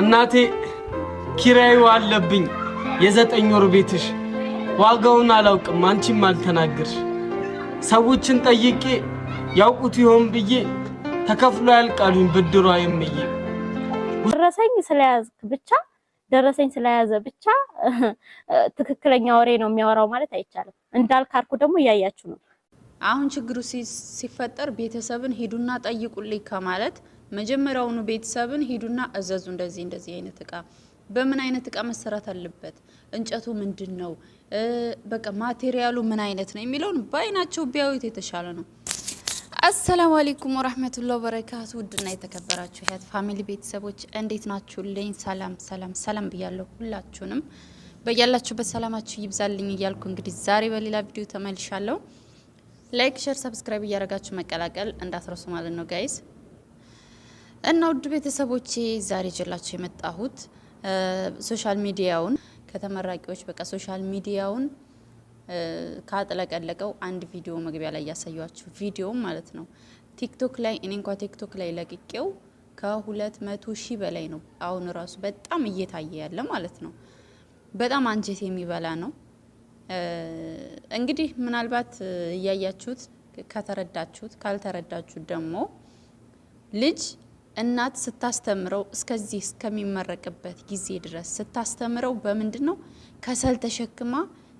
እናቴ ኪራዩ አለብኝ የዘጠኝ ወር ቤትሽ ዋጋውን አላውቅም፣ አንቺም አልተናገርሽ። ሰዎችን ጠይቄ ያውቁት ይሆን ብዬ ተከፍሎ ያልቃሉኝ ብድሯ የምዬ ደረሰኝ ስለያዝክ ብቻ ደረሰኝ ስለያዘ ብቻ ትክክለኛ ወሬ ነው የሚያወራው ማለት አይቻልም። እንዳልካርኩ ደግሞ እያያችሁ ነው። አሁን ችግሩ ሲፈጠር ቤተሰብን ሂዱና ጠይቁልኝ ከማለት መጀመሪያውኑ ቤተሰብን ሂዱና እዘዙ። እንደዚህ እንደዚህ አይነት እቃ በምን አይነት እቃ መሰራት አለበት፣ እንጨቱ ምንድን ነው፣ በቃ ማቴሪያሉ ምን አይነት ነው የሚለውን በአይናቸው ቢያዩት የተሻለ ነው። አሰላሙ አሌይኩም ወረህመቱላህ ወበረካቱ። ውድና የተከበራችሁ ያት ፋሚሊ ቤተሰቦች እንዴት ልኝ ሰላም ሰላም ሰላም ብያለሁ ሁላችሁንም በያላችሁ በሰላማችሁ ይብዛልኝ እያልኩ እንግዲህ ዛሬ በሌላ ቪዲዮ ተመልሻለሁ። ላይክ፣ ሸር፣ ሰብስክራይብ እያደረጋችሁ መቀላቀል እንዳትረሱ ማለት ነው ጋይስ እና ውድ ቤተሰቦቼ ዛሬ ጀላቸው የመጣሁት ሶሻል ሚዲያውን ከተመራቂዎች በቃ ሶሻል ሚዲያውን ካጥለቀለቀው አንድ ቪዲዮ መግቢያ ላይ ያሳያችሁ ቪዲዮ ማለት ነው። ቲክቶክ ላይ እኔ እንኳ ቲክቶክ ላይ ለቅቄው ከሁለት መቶ ሺህ በላይ ነው አሁን ራሱ በጣም እየታየ ያለ ማለት ነው። በጣም አንጀት የሚበላ ነው። እንግዲህ ምናልባት እያያችሁት ከተረዳችሁት፣ ካልተረዳችሁት ደግሞ ልጅ እናት ስታስተምረው እስከዚህ እስከሚመረቅበት ጊዜ ድረስ ስታስተምረው በምንድን ነው ከሰል ተሸክማ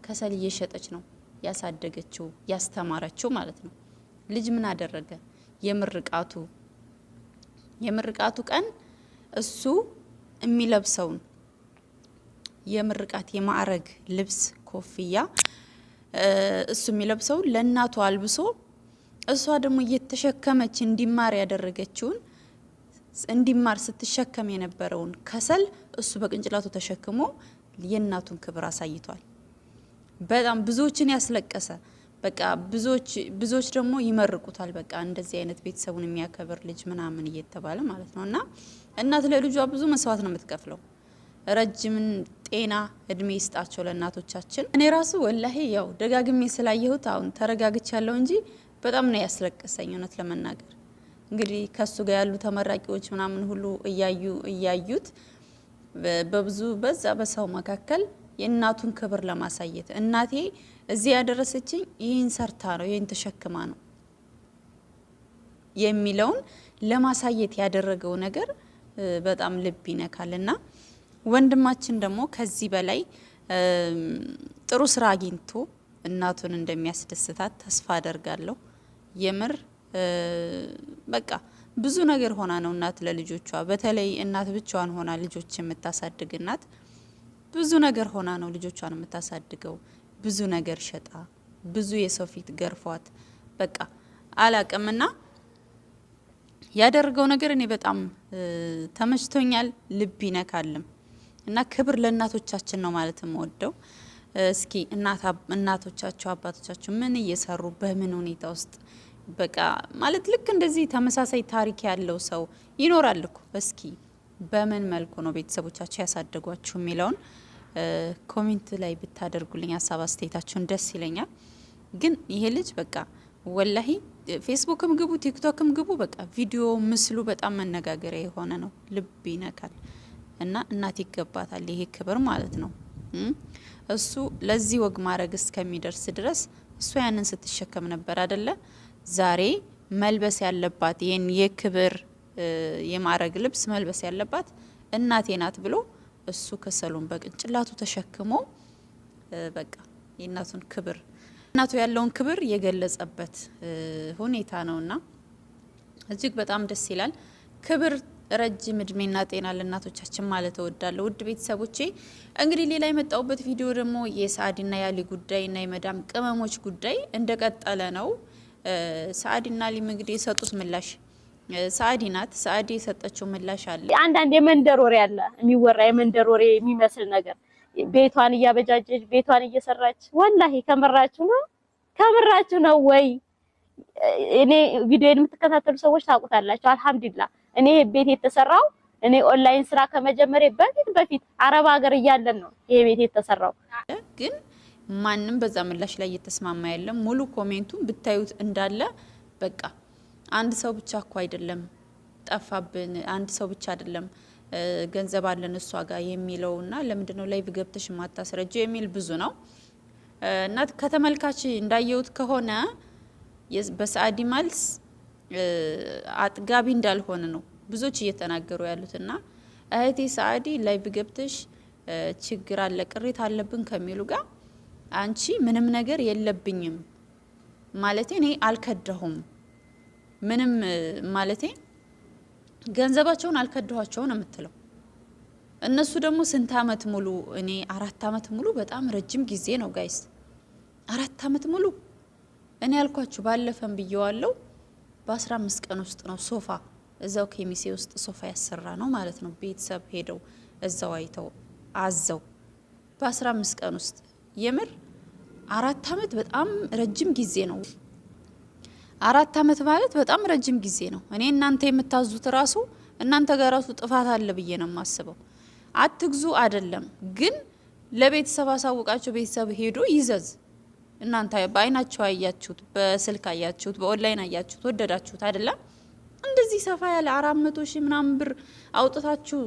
ከሰል እየሸጠች ነው ያሳደገችው ያስተማረችው ማለት ነው። ልጅ ምን አደረገ? የምርቃቱ የምርቃቱ ቀን እሱ የሚለብሰውን የምርቃት የማዕረግ ልብስ ኮፍያ እሱ የሚለብሰውን ለእናቱ አልብሶ እሷ ደግሞ እየተሸከመች እንዲማር ያደረገችውን እንዲማር ስትሸከም የነበረውን ከሰል እሱ በቅንጭላቱ ተሸክሞ የእናቱን ክብር አሳይቷል። በጣም ብዙዎችን ያስለቀሰ በቃ ብዙዎች ደግሞ ይመርቁታል። በቃ እንደዚህ አይነት ቤተሰቡን የሚያከብር ልጅ ምናምን እየተባለ ማለት ነው። እና እናት ለልጇ ብዙ መስዋዕት ነው የምትከፍለው። ረጅምን ጤና እድሜ ይስጣቸው ለእናቶቻችን። እኔ ራሱ ወላሄ ያው ደጋግሜ ስላየሁት አሁን ተረጋግቻለሁ እንጂ በጣም ነው ያስለቀሰኝ እውነት ለመናገር እንግዲህ ከሱ ጋር ያሉ ተመራቂዎች ምናምን ሁሉ እያዩ እያዩት በብዙ በዛ በሰው መካከል የእናቱን ክብር ለማሳየት እናቴ እዚህ ያደረሰችኝ ይህን ሰርታ ነው ይህን ተሸክማ ነው የሚለውን ለማሳየት ያደረገው ነገር በጣም ልብ ይነካል እና ወንድማችን ደግሞ ከዚህ በላይ ጥሩ ስራ አግኝቶ እናቱን እንደሚያስደስታት ተስፋ አደርጋለሁ የምር በቃ ብዙ ነገር ሆና ነው እናት ለልጆቿ። በተለይ እናት ብቻዋን ሆና ልጆች የምታሳድግ እናት ብዙ ነገር ሆና ነው ልጆቿን የምታሳድገው። ብዙ ነገር ሸጣ፣ ብዙ የሰው ፊት ገርፏት፣ በቃ አላቅምና ያደረገው ነገር እኔ በጣም ተመችቶኛል፣ ልብ ይነካልም እና ክብር ለእናቶቻችን ነው ማለት የምወደው። እስኪ እናቶቻቸው አባቶቻቸው ምን እየሰሩ በምን ሁኔታ ውስጥ በቃ ማለት ልክ እንደዚህ ተመሳሳይ ታሪክ ያለው ሰው ይኖራል እኮ። እስኪ በምን መልኩ ነው ቤተሰቦቻቸው ያሳደጓችሁ የሚለውን ኮሜንት ላይ ብታደርጉልኝ ሀሳብ አስተያየታችሁን ደስ ይለኛል። ግን ይሄ ልጅ በቃ ወላሂ ፌስቡክም ግቡ ቲክቶክም ግቡ፣ በቃ ቪዲዮ ምስሉ በጣም መነጋገሪያ የሆነ ነው። ልብ ይነካል እና እናት ይገባታል ይሄ ክብር ማለት ነው። እሱ ለዚህ ወግ ማድረግ እስከሚደርስ ድረስ እሷ ያንን ስትሸከም ነበር አደለ? ዛሬ መልበስ ያለባት ይህን የክብር የማዕረግ ልብስ መልበስ ያለባት እናቴ ናት ብሎ እሱ ከሰሉን በቅንጭላቱ ተሸክሞ በቃ የእናቱን ክብር እናቱ ያለውን ክብር የገለጸበት ሁኔታ ነውና እጅግ በጣም ደስ ይላል። ክብር ረጅም እድሜና ጤና ለእናቶቻችን ማለት እወዳለሁ። ውድ ቤተሰቦቼ እንግዲህ ሌላ የመጣውበት ቪዲዮ ደግሞ የሰአዲና የአሊ ጉዳይና የመዳም ቅመሞች ጉዳይ እንደቀጠለ ነው። ሰአዲና ሊምግድ የሰጡት ምላሽ ሰአዲ ናት። ሰአዲ የሰጠችው ምላሽ አለ። አንዳንድ የመንደር ወሬ አለ የሚወራ የመንደር ወሬ የሚመስል ነገር ቤቷን እያበጃጀች ቤቷን እየሰራች ወላሂ፣ ከምራችሁ ነው ከምራችሁ ነው ወይ? እኔ ቪዲዮን የምትከታተሉ ሰዎች ታውቁታላችሁ። አልሐምዱሊላህ እኔ ቤት የተሰራው እኔ ኦንላይን ስራ ከመጀመሬ በፊት በፊት አረብ ሀገር እያለን ነው ይሄ ቤት የተሰራው ግን ማንም በዛ ምላሽ ላይ እየተስማማ የለም። ሙሉ ኮሜንቱን ብታዩት እንዳለ በቃ አንድ ሰው ብቻ እኮ አይደለም ጠፋብን፣ አንድ ሰው ብቻ አይደለም ገንዘብ አለን እሷ ጋር የሚለውና ለምንድን ነው ላይ ገብተሽ ማታስረጀው የሚል ብዙ ነው እና ከተመልካች እንዳየሁት ከሆነ በሰአዲ መልስ አጥጋቢ እንዳልሆነ ነው ብዙዎች እየተናገሩ ያሉት እና እህቴ ሰአዲ ላይቭ ገብተሽ ችግር አለ ቅሬታ አለብን ከሚሉ ጋር አንቺ ምንም ነገር የለብኝም ማለቴ እኔ አልከዳሁም፣ ምንም ማለቴ ገንዘባቸውን አልከዳኋቸው ነው የምትለው። እነሱ ደግሞ ስንት አመት ሙሉ እኔ አራት አመት ሙሉ በጣም ረጅም ጊዜ ነው ጋይስ፣ አራት አመት ሙሉ እኔ ያልኳችሁ ባለፈን ብየዋለው በአስራ አምስት ቀን ውስጥ ነው ሶፋ እዛው ከሚሴ ውስጥ ሶፋ ያሰራ ነው ማለት ነው። ቤተሰብ ሄደው እዛው አይተው አዘው በአስራ አምስት ቀን ውስጥ የምር አራት አመት በጣም ረጅም ጊዜ ነው። አራት አመት ማለት በጣም ረጅም ጊዜ ነው። እኔ እናንተ የምታዙት ራሱ እናንተ ጋር ራሱ ጥፋት አለ ብዬ ነው የማስበው። አትግዙ አይደለም ግን ለቤተሰብ አሳውቃቸው፣ ቤተሰብ ሄዶ ይዘዝ። እናንተ በአይናቸው አያችሁት፣ በስልክ አያችሁት፣ በኦንላይን አያችሁት፣ ወደዳችሁት አይደለም እንደዚህ ሰፋ ያለ አራት መቶ ሺህ ምናምን ብር አውጥታችሁ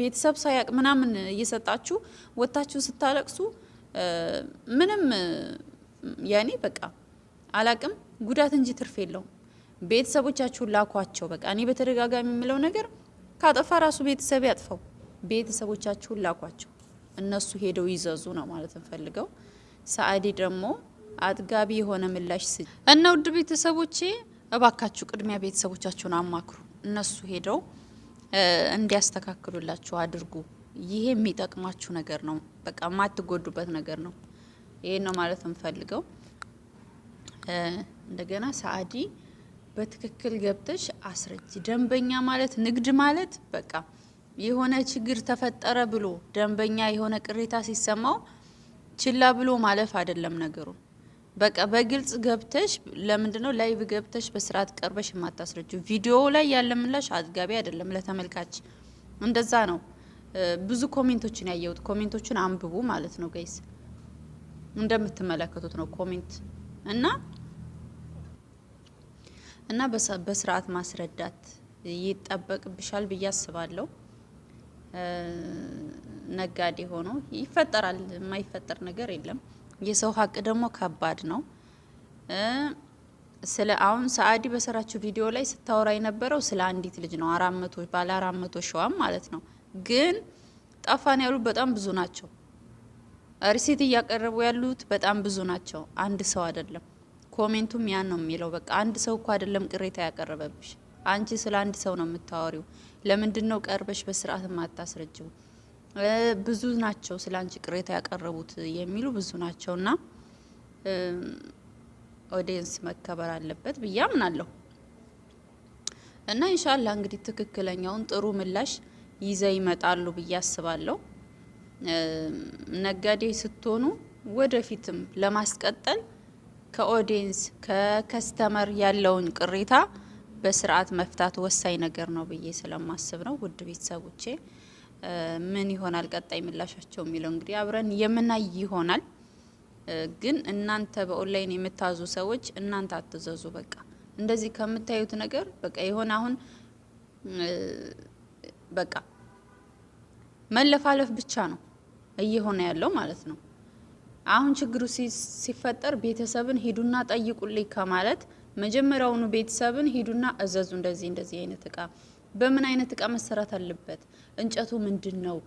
ቤተሰብ ሳያቅ ምናምን እየሰጣችሁ ወጥታችሁ ስታለቅሱ ምንም ያኔ በቃ አላቅም ጉዳት እንጂ ትርፍ የለውም። ቤተሰቦቻችሁን ላኳቸው። በቃ እኔ በተደጋጋሚ የምለው ነገር ካጠፋ ራሱ ቤተሰብ ያጥፈው። ቤተሰቦቻችሁን ላኳቸው፣ እነሱ ሄደው ይዘዙ ነው ማለት እንፈልገው። ሰአዲ ደግሞ አጥጋቢ የሆነ ምላሽ ስ እና ውድ ቤተሰቦቼ እባካችሁ ቅድሚያ ቤተሰቦቻችሁን አማክሩ፣ እነሱ ሄደው እንዲያስተካክሉላችሁ አድርጉ። ይሄ የሚጠቅማችሁ ነገር ነው። በቃ የማትጎዱበት ነገር ነው። ይሄን ነው ማለት የምፈልገው። እንደገና ሰአዲ በትክክል ገብተሽ አስረጅ። ደንበኛ ማለት ንግድ ማለት በቃ የሆነ ችግር ተፈጠረ ብሎ ደንበኛ የሆነ ቅሬታ ሲሰማው ችላ ብሎ ማለፍ አይደለም ነገሩ። በቃ በግልጽ ገብተሽ ለምንድን ነው ላይቭ ገብተሽ በስርዓት ቀርበሽ የማታስረጁ? ቪዲዮ ላይ ያለ ምላሽ አጥጋቢ አይደለም ለተመልካች። እንደዛ ነው። ብዙ ኮሜንቶችን ያየሁት ኮሜንቶችን አንብቡ ማለት ነው ጋይስ። እንደምትመለከቱት ነው ኮሜንት እና እና በስርዓት ማስረዳት ይጠበቅብሻል ብዬ አስባለሁ። ነጋዴ ሆኖ ይፈጠራል፣ የማይፈጠር ነገር የለም። የሰው ሀቅ ደግሞ ከባድ ነው። ስለ አሁን ሰአዲ በሰራችው ቪዲዮ ላይ ስታወራ የነበረው ስለ አንዲት ልጅ ነው፣ አራት መቶ ባለ አራት መቶ ሸዋም ማለት ነው ግን ጠፋን ያሉት በጣም ብዙ ናቸው። ሪሲት እያቀረቡ ያሉት በጣም ብዙ ናቸው። አንድ ሰው አይደለም። ኮሜንቱም ያን ነው የሚለው። በቃ አንድ ሰው እኮ አይደለም ቅሬታ ያቀረበብሽ አንቺ ስለ አንድ ሰው ነው የምታወሪው። ለምንድን ነው ቀርበሽ በስርዓት ማታስረጅው? ብዙ ናቸው ስለ አንቺ ቅሬታ ያቀረቡት የሚሉ ብዙ ናቸው። እና ኦዲየንስ መከበር አለበት ብዬ አምናለሁ። እና ኢንሻአላህ እንግዲህ ትክክለኛውን ጥሩ ምላሽ ይዘው ይመጣሉ ብዬ አስባለሁ። ነጋዴ ስትሆኑ ወደፊትም ለማስቀጠል ከኦዲየንስ ከከስተመር ያለውን ቅሬታ በስርዓት መፍታት ወሳኝ ነገር ነው ብዬ ስለማስብ ነው። ውድ ቤተሰቦቼ ምን ይሆናል ቀጣይ ምላሻቸው የሚለው እንግዲህ አብረን የምናይ ይሆናል። ግን እናንተ በኦንላይን የምታዙ ሰዎች እናንተ አትዘዙ። በቃ እንደዚህ ከምታዩት ነገር በቃ የሆነ አሁን በቃ መለፋለፍ ብቻ ነው እየሆነ ያለው ማለት ነው። አሁን ችግሩ ሲፈጠር ቤተሰብን ሂዱና ጠይቁልኝ ከማለት መጀመሪያውኑ ቤተሰብን ሂዱና እዘዙ፣ እንደዚህ እንደዚህ አይነት እቃ በምን አይነት እቃ መሰራት አለበት፣ እንጨቱ ምንድን ነው፣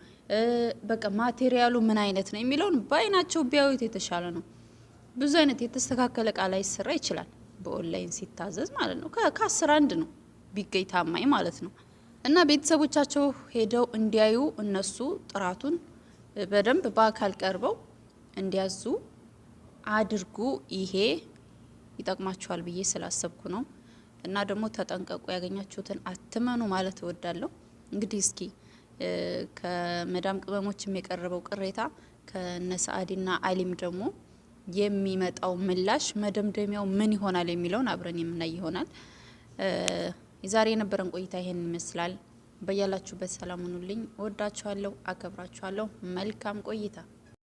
በቃ ማቴሪያሉ ምን አይነት ነው የሚለውን በአይናቸው ቢያዩት የተሻለ ነው። ብዙ አይነት የተስተካከለ እቃ ላይ ይሰራ ይችላል። በኦንላይን ሲታዘዝ ማለት ነው። ከአስር አንድ ነው ቢገኝ ታማኝ ማለት ነው። እና ቤተሰቦቻቸው ሄደው እንዲያዩ እነሱ ጥራቱን በደንብ በአካል ቀርበው እንዲያዙ አድርጉ። ይሄ ይጠቅማችኋል ብዬ ስላሰብኩ ነው። እና ደግሞ ተጠንቀቁ፣ ያገኛችሁትን አትመኑ ማለት እወዳለሁ። እንግዲህ እስኪ ከመዳም ቅመሞች የቀረበው ቅሬታ ከነሰአዲና አሊም ደግሞ የሚመጣው ምላሽ መደምደሚያው ምን ይሆናል የሚለውን አብረን የምናይ ይሆናል። የዛሬ የነበረን ቆይታ ይሄን ይመስላል። በያላችሁበት ሰላም ሁኑልኝ። እወዳችኋለሁ፣ አከብራችኋለሁ። መልካም ቆይታ